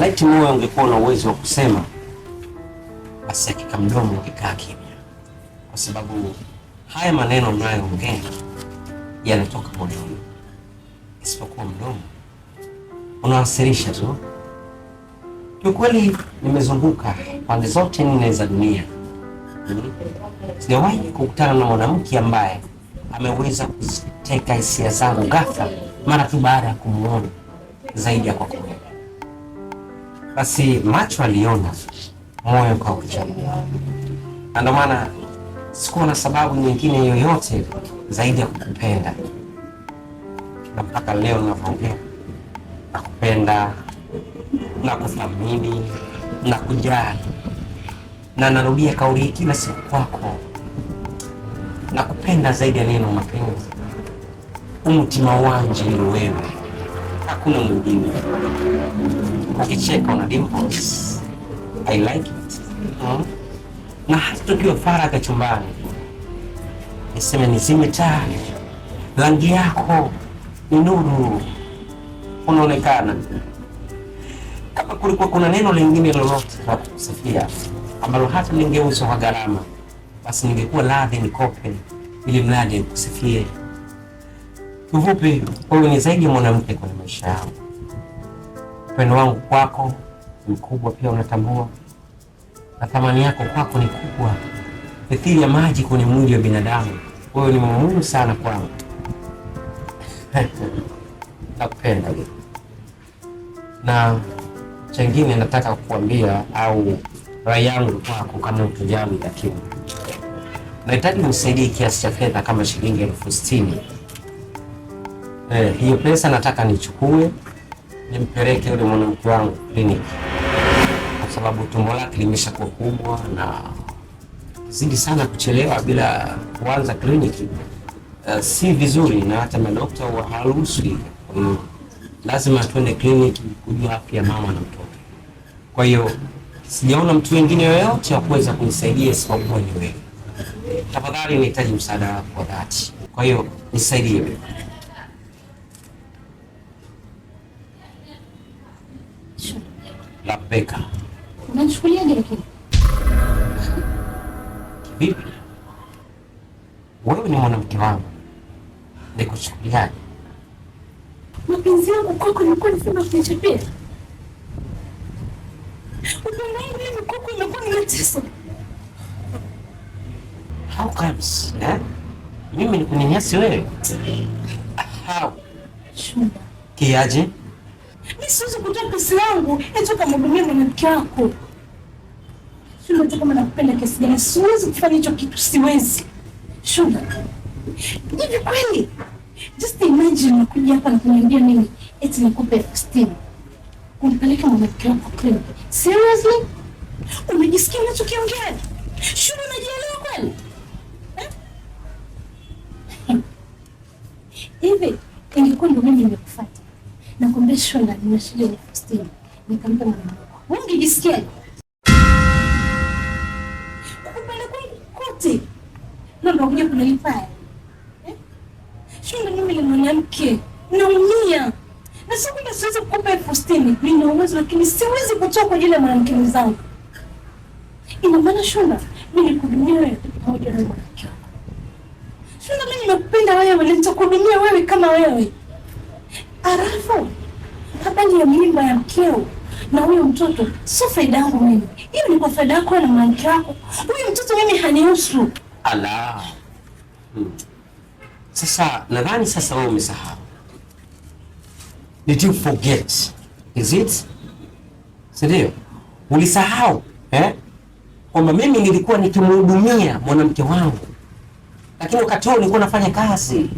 Laiti moyo angekuwa na uwezo wa kusema, basi hakika mdomo ungekaa kimya, kwa sababu haya maneno mnayoongea yanatoka moyoni, isipokuwa mdomo unawasilisha tu. Kiukweli nimezunguka pande zote nne za dunia, sijawahi kukutana na mwanamke ambaye ameweza kuziteka hisia zangu ghafla mara tu baada ya kumwona, zaidi ya kwako basi macho aliona, moyo kauchagua, na ndio maana sikuwa na sababu nyingine yoyote zaidi ya kukupenda, na mpaka leo ninavyoongea nakupenda na kuthamini na kujali, na narudia kauli hii kila siku kwako, nakupenda zaidi ya neno mapenzi. Umtima wanje ni wewe, hakuna mwingine akicheka una dimples. I like it. Hmm? Na hata tukiwa faragha chumbani, niseme nizime taa, rangi yako ni nuru, unaonekana kama kulikuwa kuna neno lingine lolote la kusifia ambalo hata lingeuzwa kwa gharama, basi ningekuwa radhi nikope, ili mradi nikusifie. Kifupi, wewe ni zaidi ya mwanamke kwenye maisha yangu. Upendo wangu kwako mkubwa, pia unatambua, na thamani yako kwako ni kubwa, mithili ya maji kwenye mwili wa binadamu. Wewe ni muhimu sana kwangu. Nakupenda na chengine nataka kukuambia au rai yangu kwako, kama utujali, lakini nahitaji unisaidie kiasi cha fedha kama shilingi elfu sitini. Eh, hiyo pesa nataka nichukue nimpeleke yule mwanamke wangu kliniki, kwa sababu tumbo lake limeshakuwa kubwa na zidi sana kuchelewa bila kuanza kliniki uh, eh, si vizuri, na hata madokta haruhusi. Kwa mm, hiyo lazima tuende kliniki kujua afya ya mama na mtoto. Kwa hiyo sijaona mtu wengine yoyote wa kuweza kunisaidia isipokuwa ni wewe. Tafadhali nahitaji msaada wako wa dhati, kwa hiyo nisaidie wewe. la Labeka. Unanichukuliaje lakini? Vipi? Wewe ni mwanamke wangu, nikuchukuliaje? Mapenzi yangu kwako yanakuwa ni kama kinachapia. Upendo wangu ni kwako unakuwa ni mateso. How comes, eh? Mimi nikunyanyasi wewe? How? Kiaje? Mimi siwezi kutoka bosi wangu, eti ukamhudumia mwanamke wako. Shunda, kama nakupenda kiasi gani, siwezi kufanya hicho kitu, siwezi. Shunda, hivi kweli, just imagine nakuja hapa na kuniambia mimi eti nikupe steam kunipeleka kumpeleka mwanamke wako clinic? Seriously, umejisikia unachokiongea? Shunda, unajielewa kweli? Eh? Hivi ingekuwa ndo mimi nimekufuata na kumbe Shona nina shida ya Faustini, nikampa mwanangu. Wewe ungejisikia kukupenda kweli kote na kuja kunilipaya eh? Shona, mimi ni mwanamke naumia, na sio kwamba siwezi kukupa elfu sitini. Nina uwezo lakini siwezi kutoa kwa ajili ya mwanamke mwenzangu. Ina maana Shona, mimi nikudumia wewe pamoja na mwanamke wako. Shona, mimi nimekupenda wewe, nitakuhudumia wewe kama wewe Halafu hapa ndiyo mimba ya mkeo na huyo mtoto sio faida yangu mimi, hiyo ni kwa faida yako na mwanamke wako. Huyo mtoto mimi hanihusu. Ala. Hmm. Sasa nadhani sasa wewe umesahau. Did you forget? Is it? Sindio? Ulisahau eh? Kwamba mimi nilikuwa nikimhudumia mwanamke wangu, lakini wakati huo nilikuwa nafanya kazi,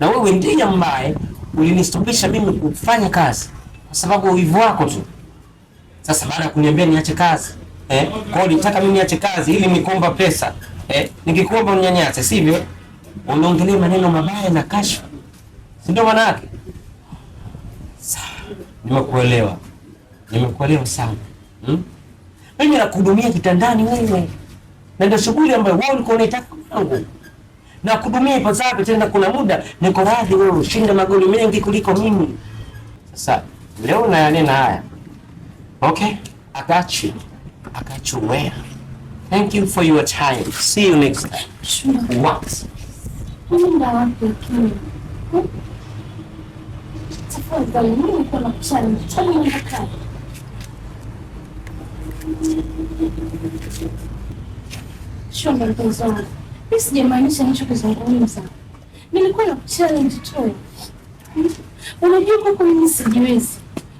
na wewe ndiye ambaye ulinistopisha mimi kufanya kazi kwa sababu uivu wako tu. Sasa baada ya kuniambia niache kazi eh, kwa nitaka mimi niache kazi ili nikuomba pesa eh, nikikuomba unyanyase, sivyo? Unaongelea maneno mabaya na kashfa, si ndio maana yake? Sawa, nimekuelewa, nimekuelewa sana hmm? Mimi nakuhudumia kitandani wewe, na ndio shughuli ambayo wewe ulikuwa unaitaka kwangu na kudumia ipo zake tena. Kuna muda niko radhi wewe ushinde magoli mengi kuliko mimi. Sasa leo na yanena haya, okay, Akachi got Thank you for your time, see you next time. Sure. What? Sure, mimi sijamaanisha nilichokizungumza, nilikuwa na kuchallenge tu. Unajua kwako mimi sijiwezi,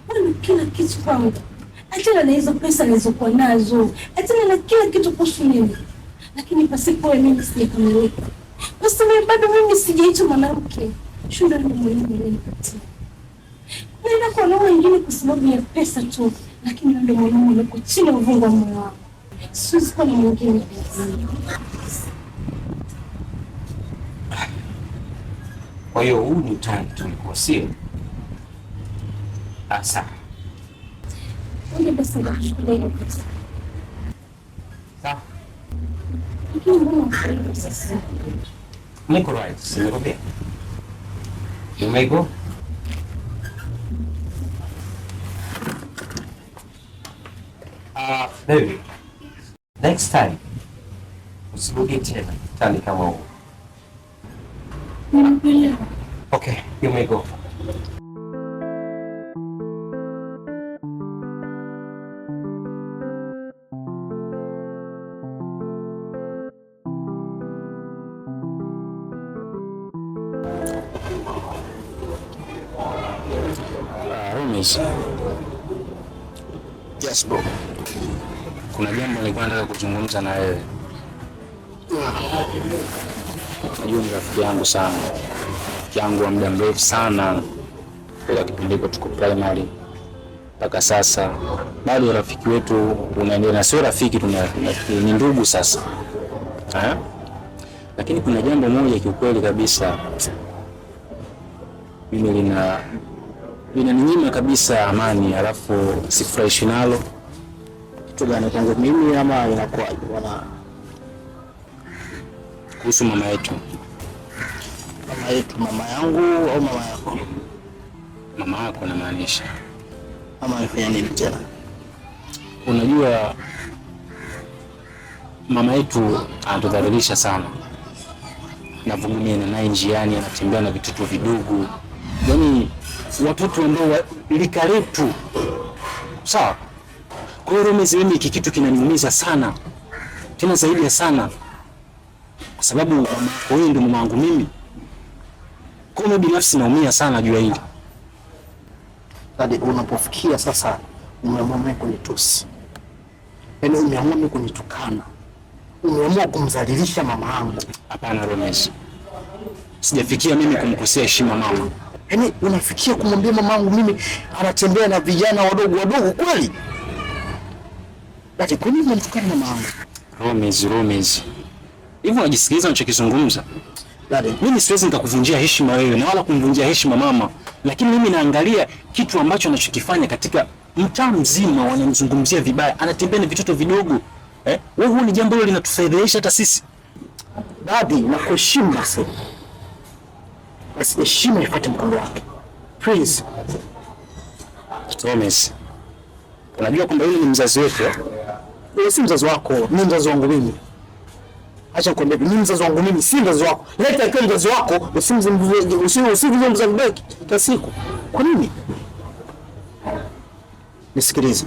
wewe kila kitu kwangu. Achana na hizo pesa nilizokuwa nazo, achana na kila kitu kuhusu mimi, lakini pasipo wewe mimi sijakamilika. Basi mimi bado mimi sijaitwa mwanamke, shule ndio mwalimu alinipatia. Naenda kwa wanaume wengine kwa sababu ya pesa tu, lakini ndio mwalimu alikuwa chini ya uvungu wa moyo wangu. Siwezi kuwa na mwingine. Kwa hiyo huu ni utani tulikuwa sio sawa. Niko right, simekwambia umego ah, baby, next time usirudi tena tani kama huu. Okay, you may go. Yes, bro. Kuna jambo nilikuwa nataka kuzungumza na wewe. Najua ni rafiki yangu sana, rafiki yangu wa muda mrefu sana, kila kipindi kwa tuko primary mpaka sasa, bado rafiki wetu unaendelea, na sio rafiki, ni ndugu sasa ha? Lakini kuna jambo moja kiukweli kabisa mimi lina linaninyima kabisa amani, alafu sifurahishi nalo. Kitu gani kwangu mimi ama inakuwa wana kuhusu mama yetu. Mama yetu, mama yangu au mama yako? Mama yako namaanisha. Mama alifanya nini tena? Unajua mama yetu anatudhalilisha sana, anavugumia na naye njiani, anatembea na vitoto vidogo, yaani watoto ambao wa lika letu, sawa. Kwa hiyo mimi iki kitu kinaniumiza sana, tena zaidi ya sana kwa sababu wewe ndio mama wangu mimi. Kwa mimi binafsi naumia sana juu ya hili. Hadi unapofikia sasa umeamua mimi kunitusi. Yaani umeamua mimi kunitukana. Umeamua kumdhalilisha mama yangu. Hapana Romesh. Sijafikia mimi kumkosea heshima mama. Yaani unafikia kumwambia mama yangu mimi anatembea na vijana wadogo wadogo kweli? Dadi, kwa nini unamtukana mama yangu? Romesh, Romesh. Hivi unajisikiliza unachokizungumza? Dada, mimi siwezi nikakuvunjia heshima wewe na wala kumvunjia heshima mama, lakini mimi naangalia kitu ambacho anachokifanya katika mtaa mzima, wanamzungumzia vibaya, anatembea na vitoto vidogo eh? Wewe huu ni jambo hilo linatufedhesha hata sisi. Dada, nakuheshimu basi, basi heshima ifuate mkondo wake. Please Thomas, unajua kwamba yule ni mzazi wetu, eh? Yeye si mzazi wako, ni mzazi wangu mimi Acha nikwambie, ni mzazi wangu mimi si mzazi wako. Leta akiwa mzazi wako, usimvunje mzazi mbeki kila siku. Kwa nini? Nisikilize,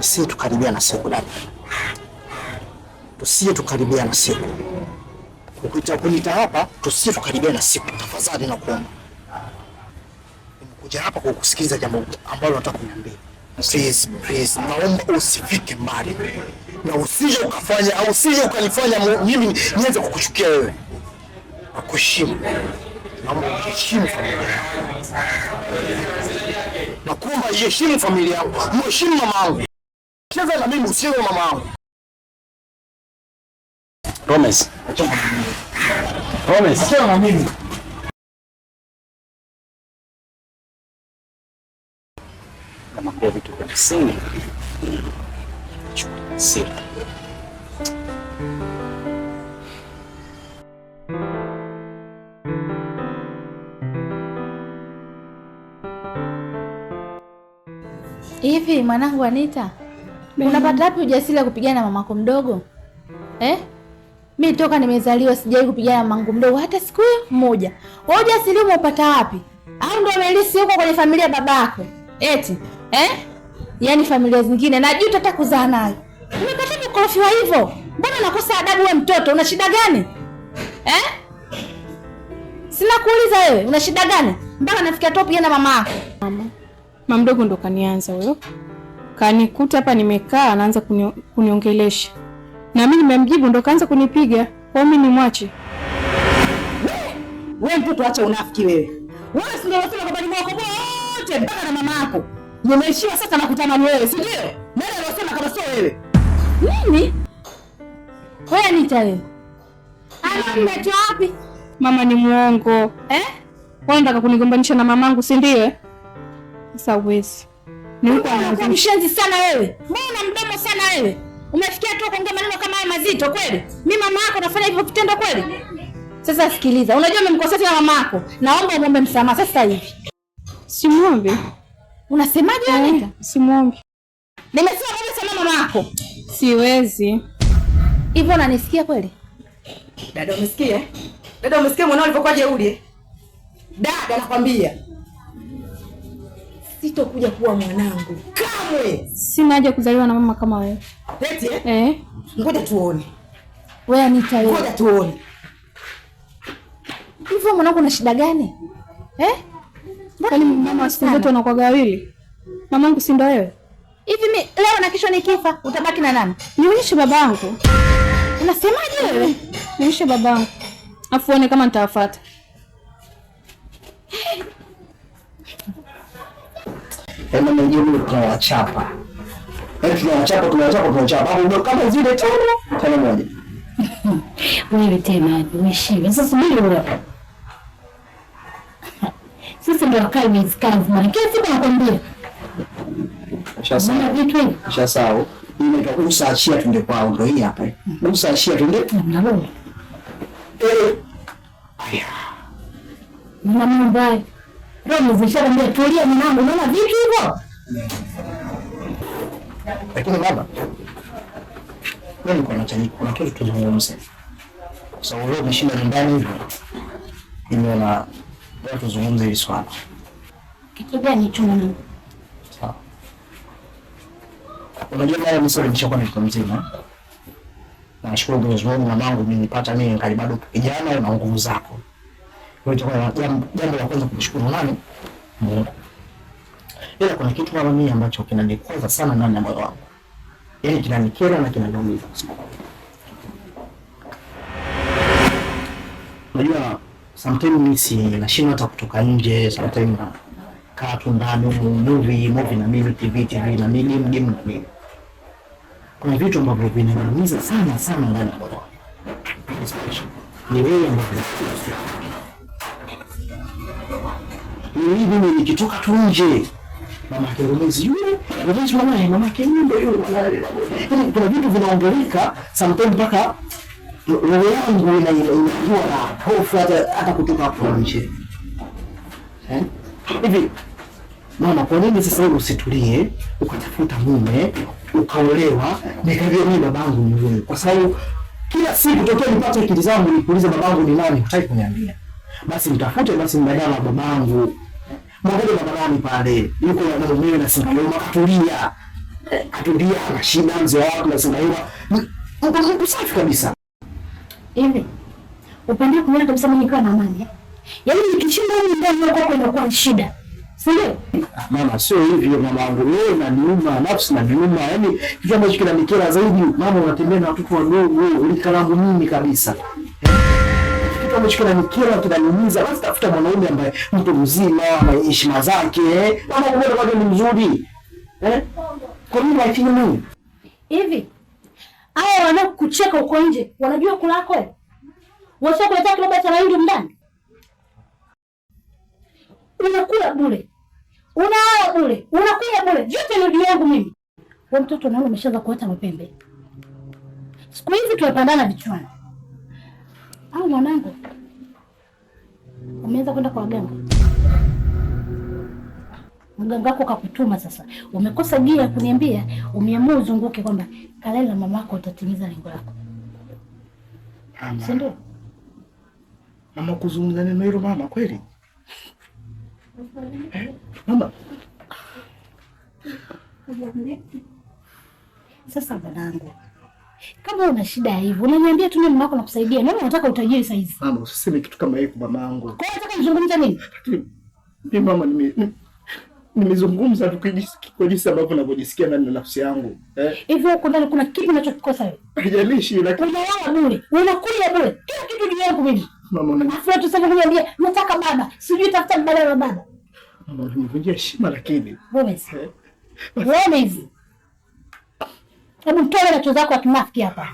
sisi tukaribia na siku dada, tusiye tukaribia na siku ukuta kunita hapa, tusiye tukaribia na siku tafadhali, na kuomba Nimekuja hapa kwa kusikiliza jambo ambalo nataka kuniambia. Please, please, naomba usifike mbali na usije ukafanya au usije ukanifanya mimi niweze kukuchukia wewe. Nakuheshimu, naomba iheshimu familia yako, nakuomba iheshimu familia yako, mheshimu mama yangu. Cheza na mimi, usiwe na mama yangu. Promise, promise, cheza na mimi. Kama kwa vitu vya msingi siri. Hivi mwanangu Anita, unapata wapi ujasiri wa kupigana na mamako mdogo eh? Mi toka nimezaliwa sijawahi kupigana na mamangu mdogo hata siku hiyo moja. Wewe ujasiri umeupata wapi? Au ndio umelisi huko kwenye familia babako eti eh? Yaani familia zingine najuta hata kuzaa nayo ukorofiwa hivyo? Mbona unakosa adabu wewe mtoto, una shida gani eh? Sina kuuliza wewe, una shida gani mpaka nafikia topi yenda mama yako? Mama, mama mdogo ndo kanianza huyo, kanikuta hapa nimekaa, anaanza kuniongelesha na mimi nimemjibu, ndo kaanza kunipiga. Kwa mimi nimwache wewe? Mtoto acha unafiki wewe, wewe si ndio unafika kwa mwako wote mpaka na mama yako. Nimeishiwa sasa nakutana ni wewe, si ndio? Nani anasema kama sio wewe? Nini? Wewe ni tare. Ana mmeto wapi? Mama ni mwongo. Eh? Wewe unataka kunigombanisha na mamangu si ndio? Sasa uwezi. Ni Nilikuwa mshenzi sana wewe. Mimi Mbona mdomo sana wewe? Umefikia tu kuongea maneno kama haya mazito kweli? Mimi mama yako nafanya hivyo kitendo kweli? Sasa sikiliza, unajua umemkosea na mama yako. Naomba umwombe msamaha sasa hivi. Simuombe. Unasemaje Anita? Simuombe. Nimesema mama yako. Siwezi. Hivyo unanisikia kweli? Dada umesikia? Dada umesikia mwanao alipokuwa jeuri? Dada nakwambia. Sitokuja kuwa mwanangu. Kamwe. Sina haja kuzaliwa na mama kama wewe. Eti eh? eh? Ngoja tuone. Wewe Anita wewe. Ngoja tuone. Hivyo mwanangu una shida gani? Eh? Kwani mama siku zote wanakuwa gawili? Mamangu si ndo wewe? hivi mi leo na kesho nikifa utabaki na nani? Nionyeshe babangu. Unasemaje wewe? Nionyeshe babangu afu one kama nitawafuata. Yaani mwenyewe tunawachapa. Yaani tunawachapa, tunawachapa, tunawachapa. Hapo kama zile tano tano moja. Wewe tena umeshiba. Sasa subiri hapa. Sasa ndio kazi kazi. Kila siku nakwambia Shasao inaitwa usa achia tunde kwao, ndo hii hapa. Usa achia tunde mnamwambaye eh. mzishaambia tulia mwanangu, naona vitu hivyo. Lakini baba, kuna kitu tuzungumze, kwa sababu umeshinda nyumbani hivyo, nimeona tuzungumze hili swala. Kitu gani tu Unajua mara mimi sio nimeshakuwa mtu mzima. Nashukuru Mwenyezi Mungu mamangu nilipata mimi ngali bado kijana na nguvu zako. Kwa hiyo jambo la kwanza kumshukuru nani? Mungu. Ila kuna kitu kama mimi ambacho kinanikwaza sana ndani ya moyo wangu. Yaani kinanikera na kinaniumiza. Unajua sometimes mimi si nashindwa hata kutoka nje, sometimes na kaa tu ndani movie movie na mimi TV TV na mimi game game na mimi kuna vitu ambavyo vinaniumiza sana sana ndani ya ni wewe mimi nikitoka tu nje mama yule mama mama yule yaani kuna vitu vinaongeleka sometimes mpaka roho yangu ina na hofu hata hata kutoka hapo nje eh hivi mama kwa nini sasa wewe usitulie ukatafuta mume ukaolewa, nikaambia mimi babangu ni huyu, kwa sababu kila siku tokea nipate akili zangu nikuulize babangu ni nani, hutaki kuniambia. Basi mtafute basi mbadala wa babangu, mwangalie babalani pale, yuko na mumewe na Singayuma, katulia katulia, ana shida mzee wako na Singayuma, mko safi kabisa hivi. Upende kuona kabisa mimi nikiwa na amani, eh? yaani nikishinda huko ndani kwako inakuwa shida Sio. Ah, mama sio hivyo mama wangu. Wewe unaniuma, nafsi na niuma, yani kitu ambacho kinanikera zaidi, mama unatembea na watoto wadogo, ulikalamu mimi kabisa. Kitu ambacho kinanikera, kinaniumiza, basi tafuta mwanaume ambaye mtu mzima, na heshima zake, eh? Mama unaona kwamba ni mzuri. Eh? Kwa nini haifanyi mimi? Hivi. Hao wanakucheka huko nje, wanajua kulako. wewe, Washakuletea kiloba cha mahindi ndani. Unakula bure. Unaoa bure, unakula bure, vyote ni yangu mimi. Wewe mtoto unaona umeshaanza kuota mapembe. Siku hizi tunapandana vichwani. Au mwanangu, umeanza kwenda kwa waganga. Mganga wako kakutuma sasa. Umekosa gia ya kuniambia, umeamua uzunguke kwamba kalale na yako, utatimiza lengo lako. Si ndio? Mama kuzungumza neno hilo mama kweli? Eh? Ama sasa, dadangu, kama una shida hivyo unaniambia tu, mama yako nakusaidia. Nani unataka utajiri saa hizi? Mama, usiseme kitu kama hiyo kwa mama yangu. Kwa nini unataka nizungumze nini? Mimi mama, nime nimezungumza tu kwa jinsi ambavyo ninavyojisikia ndani na nafsi yangu. Eh? Hivyo huko ndani kuna kitu ninachokikosa wewe. Haijalishi lakini unaona bure, unakula bure. Kila kitu juu yangu mimi. Mama, unafuata tu sasa kuniambia nataka baba, sijui tafuta mbadala wa baba. Unanivunjia heshima lakini. Gomez. Gomez. Hebu mtoe macho zako ya kinafiki hapa.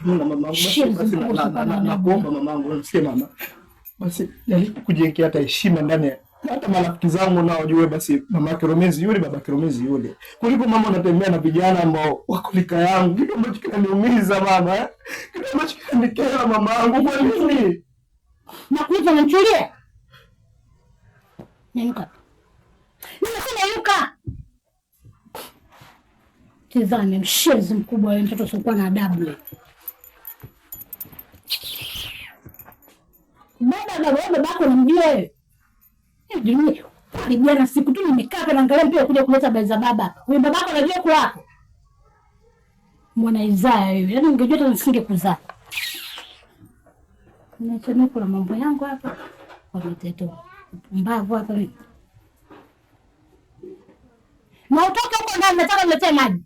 Nakuomba mamangu, unasikia mama? Basi jaribu kujengea hata heshima ndani ya hata marafiki zangu nao wajue basi mama yake yule, baba yake yule, kuliko mama unatembea na vijana ambao wako lika yangu, kitu ambacho kinaniumiza mama eh? kitu ambacho kinanikera mama yangu. Kwa nini nakuita? Namchulia nyanyuka umeyeyuka. Tizame mshezi mkubwa wewe, mtoto usiokuwa na adabu. Baba baba babako namjua wewe. Jana siku tu nimekaa hapa naangalia mpira kuja kuleta habari za baba. Wewe babako anajua kulako. Mwana Isaya wewe. Yaani ungejua hata nisingekuzaa. Nimechemeka na mambo yangu hapa. Kwa mtoto. Mbavu hapa mimi. 摩托车干啥？摩托车乱占线。